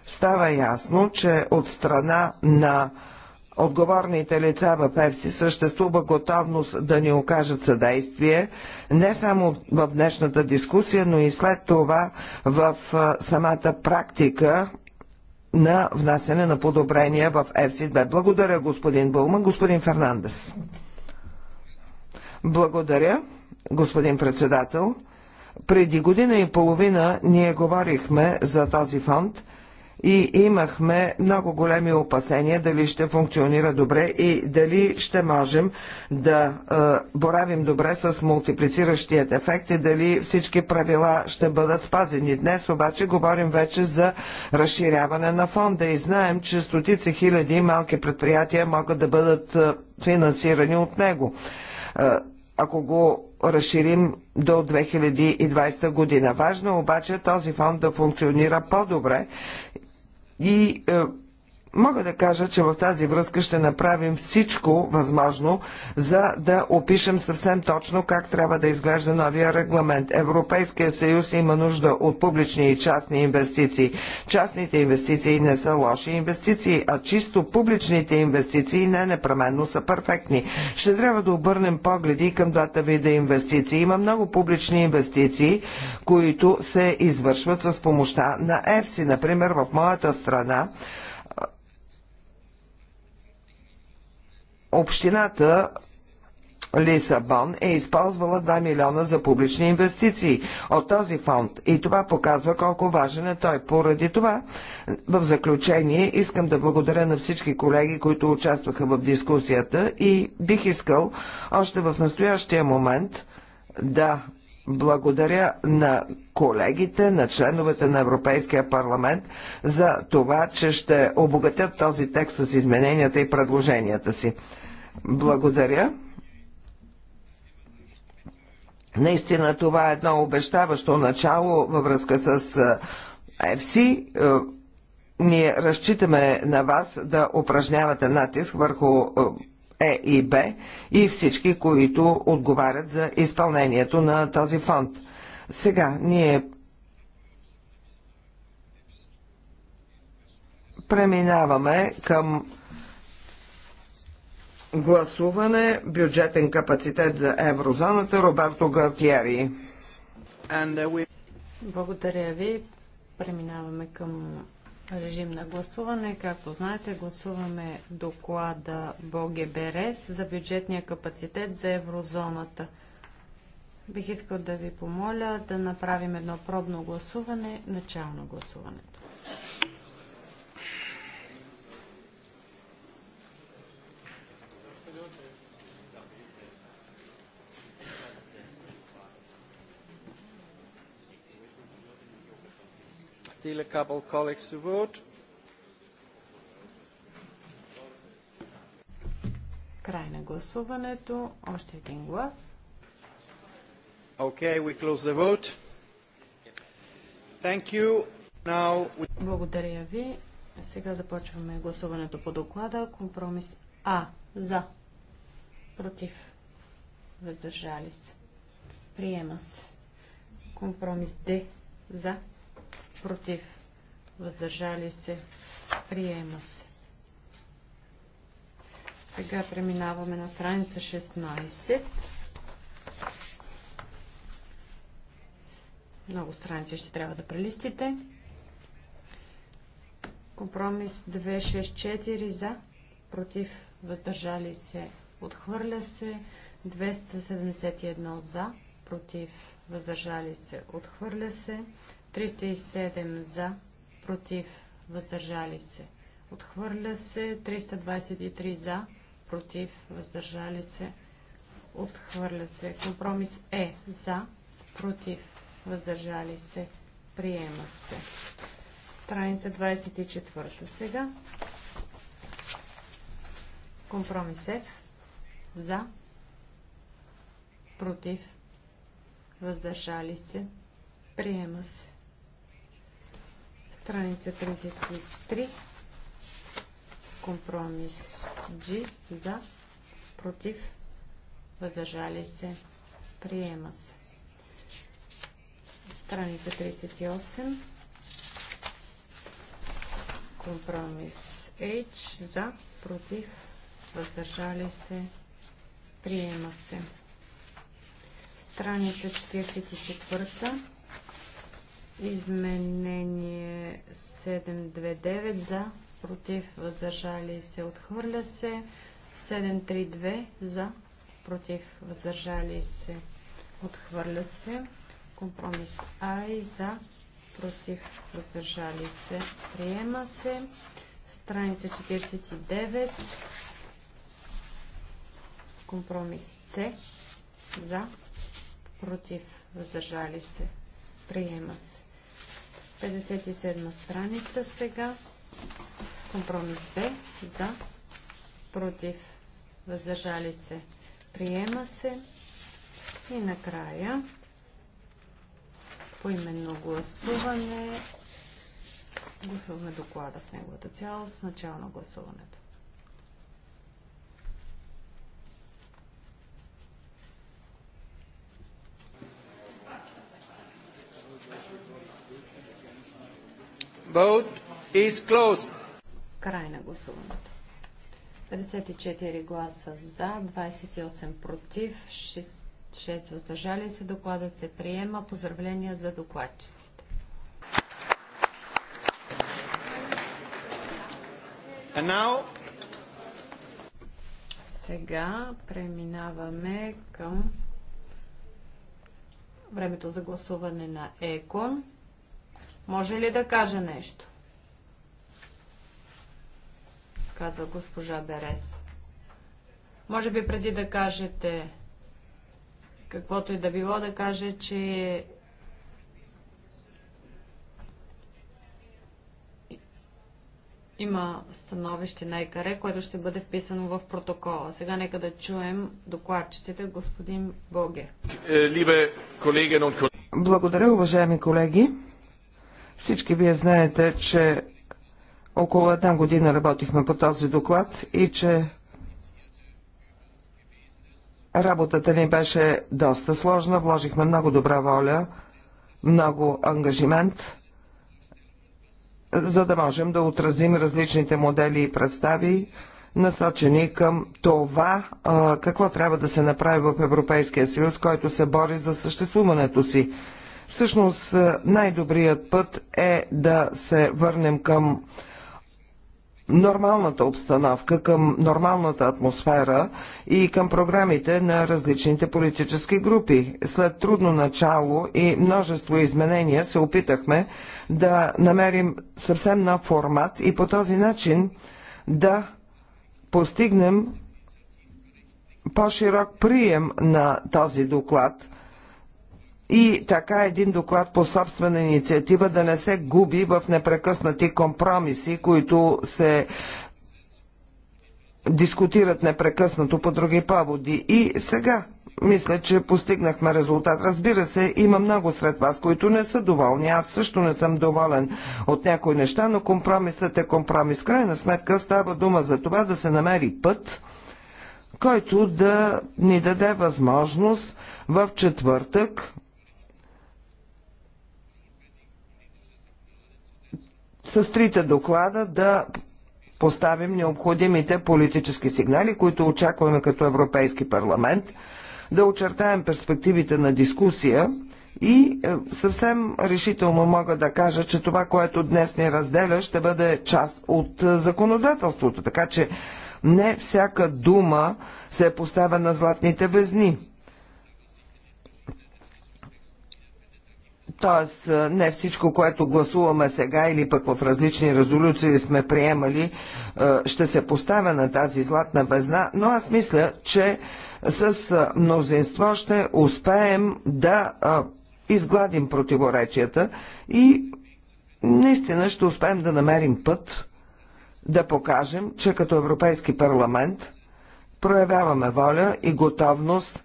Speaker 3: става ясно, че от страна на отговорните лица в Перси съществува готовност да ни окажат съдействие, не само в днешната дискусия, но и след това в самата практика на внасяне на подобрения в ЕФСИ-2. Благодаря, господин Булман. Господин Фернандес. Благодаря, господин председател. Преди година и половина ние говорихме за този фонд – и имахме много големи опасения дали ще функционира добре и дали ще можем да е, боравим добре с мултиплициращият ефект и дали всички правила ще бъдат спазени. Днес обаче говорим вече за разширяване на фонда и знаем, че стотици хиляди малки предприятия могат да бъдат е, финансирани от него. Е, ако го разширим до 2020 година. Важно е обаче този фонд да функционира по-добре и е, Мога да кажа, че в тази връзка ще направим всичко възможно, за да опишем съвсем точно как трябва да изглежда новия регламент. Европейския съюз има нужда от публични и частни инвестиции. Частните инвестиции не са лоши инвестиции, а чисто публичните инвестиции не непременно са перфектни. Ще трябва да обърнем погледи към двата вида инвестиции. Има много публични инвестиции, които се извършват с помощта на ЕФСИ. Например, в моята страна общината Лисабон е използвала 2 милиона за публични инвестиции от този фонд и това показва колко важен е той. Поради това, в заключение, искам да благодаря на всички колеги, които участваха в дискусията и бих искал още в настоящия момент да благодаря на колегите, на членовете на Европейския парламент за това, че ще обогатят този текст с измененията и предложенията си. Благодаря. Наистина това е едно обещаващо начало във връзка с FC. Ние разчитаме на вас да упражнявате натиск върху е и Б и всички, които отговарят за изпълнението на този фонд. Сега ние преминаваме към гласуване бюджетен капацитет за еврозоната Роберто Галтиери. Uh,
Speaker 2: Благодаря ви. Преминаваме към режим на гласуване. Както знаете, гласуваме доклада БОГЕБЕРЕС за бюджетния капацитет за еврозоната. Бих искал да ви помоля да направим едно пробно гласуване, начало на гласуването. still a couple of colleagues to vote. Край на гласуването. Още един глас. Okay, we close the vote. Thank you. Now... Благодаря ви. Сега започваме гласуването по доклада. Компромис А. За. Против. Въздържали се. Приема се. Компромис Д. За против, въздържали се, приема се. Сега преминаваме на страница 16. Много страници ще трябва да прелистите. Компромис 264 за, против, въздържали се, отхвърля се. 271 за, против, въздържали се, отхвърля се. 307 за, против, въздържали се. Отхвърля се 323 за, против, въздържали се. Отхвърля се. Компромис е за, против, въздържали се. Приема се. Страница 24 сега. Компромис Е. За. Против. Въздържали се. Приема се. Страница 33. Компромис G за, против, въздържали се, приема се. Страница 38. Компромис H за, против, въздържали се, приема се. Страница 44. Изменение 729 за, против, въздържали се, отхвърля се. 732 за, против, въздържали се, отхвърля се. Компромис А и за, против, въздържали се, приема се. Страница 49. Компромис С. За, против, въздържали се, приема се. 57 страница сега. Компромис Б за против въздържали се приема се и накрая поименно гласуване гласуваме доклада в неговата цялост начало на гласуването.
Speaker 3: Vote is closed.
Speaker 2: Край на гласуването. 54 гласа за, 28 против, 6, 6 въздържали се. Докладът се приема. Поздравления за докладчиците. And now... Сега преминаваме към времето за гласуване на ЕКОН. Може ли да кажа нещо? Каза госпожа Берес. Може би преди да кажете каквото и да било, да каже, че има становище на ЕКАРЕ, което ще бъде вписано в протокола. Сега нека да чуем докладчиците,
Speaker 3: господин Боге. Е, Благодаря, уважаеми колеги. Всички вие знаете, че около една година работихме по този доклад и че работата ни беше доста сложна. Вложихме много добра воля, много ангажимент, за да можем да отразим различните модели и представи, насочени към това какво трябва да се направи в Европейския съюз, който се бори за съществуването си. Всъщност е, най-добрият път е да се върнем към нормалната обстановка, към нормалната атмосфера и към програмите на различните политически групи. След трудно начало и множество изменения се опитахме да намерим съвсем нов формат и по този начин да постигнем по-широк прием на този доклад – и така един доклад по собствена инициатива да не се губи в непрекъснати компромиси, които се дискутират непрекъснато по други поводи. И сега мисля, че постигнахме резултат. Разбира се, има много сред вас, които не са доволни. Аз също не съм доволен от някои неща, но компромисът е компромис. Крайна сметка става дума за това да се намери път, който да ни даде възможност в четвъртък с трите доклада да поставим необходимите политически сигнали, които очакваме като Европейски парламент, да очертаем перспективите на дискусия и е, съвсем решително мога да кажа, че това, което днес ни разделя, ще бъде част от е, законодателството. Така че не всяка дума се е поставя на златните везни. Тоест, не всичко, което гласуваме сега или пък в различни резолюции сме приемали, ще се поставя на тази златна везна, но аз мисля, че с мнозинство ще успеем да изгладим противоречията и наистина ще успеем да намерим път да покажем, че като Европейски парламент проявяваме воля и готовност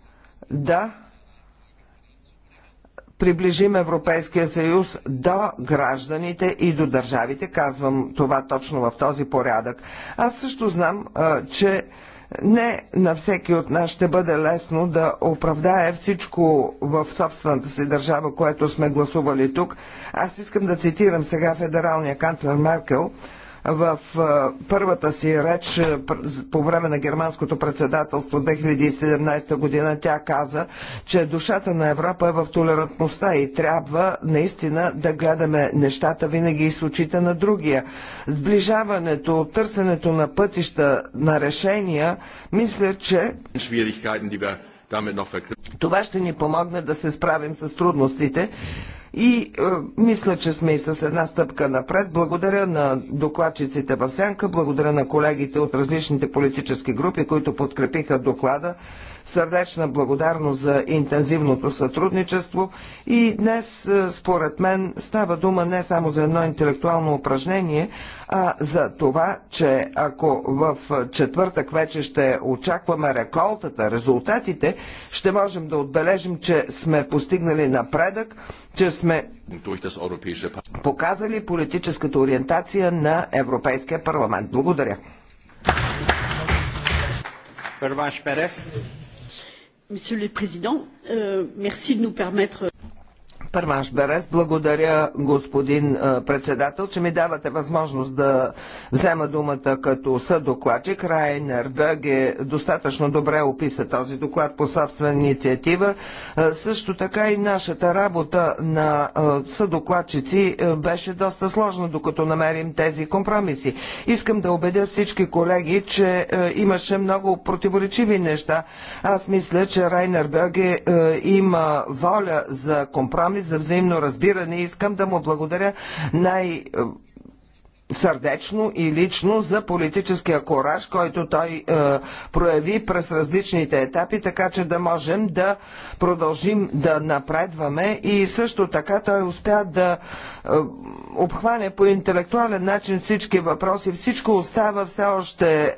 Speaker 3: да приближим Европейския съюз до гражданите и до държавите. Казвам това точно в този порядък. Аз също знам, че не на всеки от нас ще бъде лесно да оправдае всичко в собствената си държава, което сме гласували тук. Аз искам да цитирам сега федералния канцлер Меркел, в първата си реч по време на германското председателство 2017 година тя каза, че душата на Европа е в толерантността и трябва наистина да гледаме нещата винаги и с очите на другия. Сближаването, търсенето на пътища, на решения, мисля, че това ще ни помогне да се справим с трудностите и е, мисля, че сме и с една стъпка напред. Благодаря на докладчиците в Сянка, благодаря на колегите от различните политически групи, които подкрепиха доклада сърдечна благодарност за интензивното сътрудничество и днес, е, според мен, става дума не само за едно интелектуално упражнение, а за това, че ако в четвъртък вече ще очакваме реколтата, резултатите, ще можем да отбележим, че сме постигнали напредък, че сме показали политическата ориентация на Европейския парламент. Благодаря. Първаш Перес. Monsieur le Président, merci de nous permettre. Първанш Берес, благодаря господин председател, че ми давате възможност да взема думата като съдокладчик. Райнер е достатъчно добре описа този доклад по собствена инициатива. Също така и нашата работа на съдокладчици беше доста сложна, докато намерим тези компромиси. Искам да убедя всички колеги, че имаше много противоречиви неща. Аз мисля, че Райнер Беге има воля за компромис за взаимно разбиране. Искам да му благодаря най- сърдечно и лично за политическия кораж, който той е, прояви през различните етапи, така че да можем да продължим да напредваме и също така той успя да е, обхване по интелектуален начин всички въпроси. Всичко остава все още е,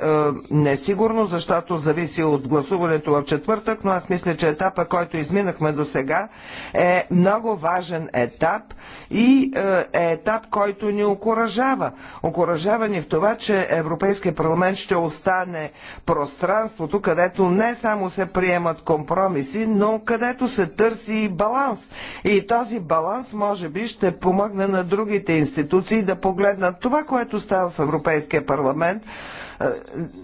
Speaker 3: несигурно, защото зависи от гласуването в четвъртък, но аз мисля, че етапа, който изминахме до сега е много важен етап и е, е етап, който ни окоръжава окоръжавани в това, че Европейския парламент ще остане пространството, където не само се приемат компромиси, но където се търси и баланс. И този баланс може би ще помогне на другите институции да погледнат това, което става в Европейския парламент, е,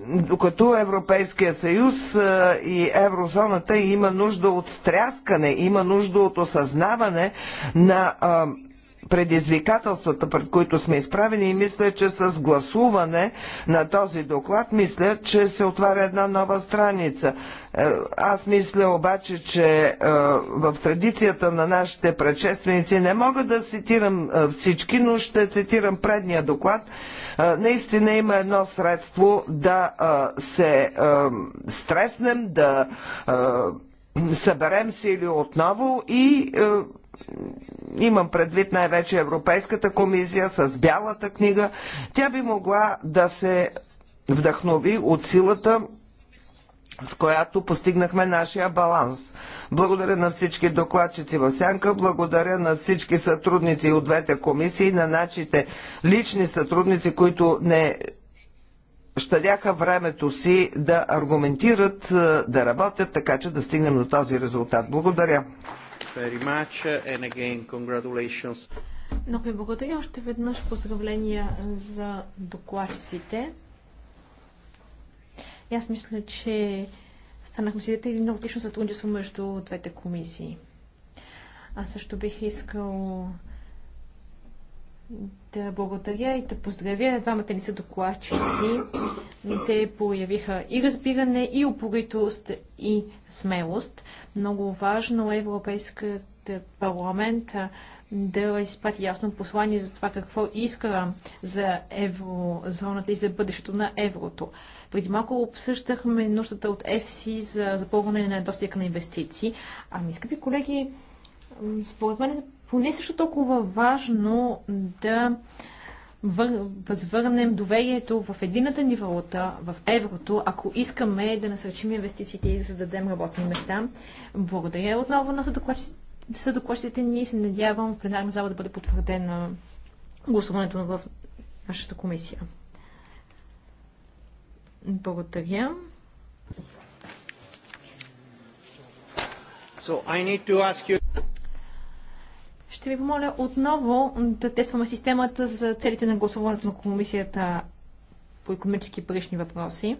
Speaker 3: докато Европейския съюз е, и еврозоната има нужда от стряскане, има нужда от осъзнаване на е, предизвикателствата, пред които сме изправени и мисля, че с гласуване на този доклад, мисля, че се отваря една нова страница. Е, аз мисля обаче, че е, в традицията на нашите предшественици не мога да цитирам е, всички, но ще цитирам предния доклад. Наистина има едно средство да се стреснем, да съберем сили отново и имам предвид най-вече Европейската комисия с Бялата книга, тя би могла да се вдъхнови от силата с която постигнахме нашия баланс. Благодаря на всички докладчици в Сянка, благодаря на всички сътрудници от двете комисии, на нашите лични сътрудници, които не щадяха времето си да аргументират, да работят, така че да стигнем до този резултат. Благодаря very much and again congratulations.
Speaker 1: Много ви благодаря. Още веднъж поздравления за докладчиците. И аз мисля, че станахме свидетели на отлично сътрудничество между двете комисии. Аз също бих искал да благодаря и да поздравя двамата ни са докладчици. Те появиха и разбиране, и упоритост, и смелост. Много важно е Европейският парламент да изпрати ясно послание за това какво иска за еврозоната и за бъдещето на еврото. Преди малко обсъждахме нуждата от ЕФСИ за запълване на достиг на инвестиции. Ами, скъпи колеги, според мен поне е също толкова важно да вър... възвърнем доверието в едината ни валута, в еврото, ако искаме да насърчим инвестициите и да създадем работни места. Благодаря отново на съдокладчиците ни и се надявам в пленарна зала да бъде потвърдена гласуването в нашата комисия. Благодаря. So I need to ask you... Ще ви помоля отново да тестваме системата за целите на гласуването на комисията по економически и парични въпроси.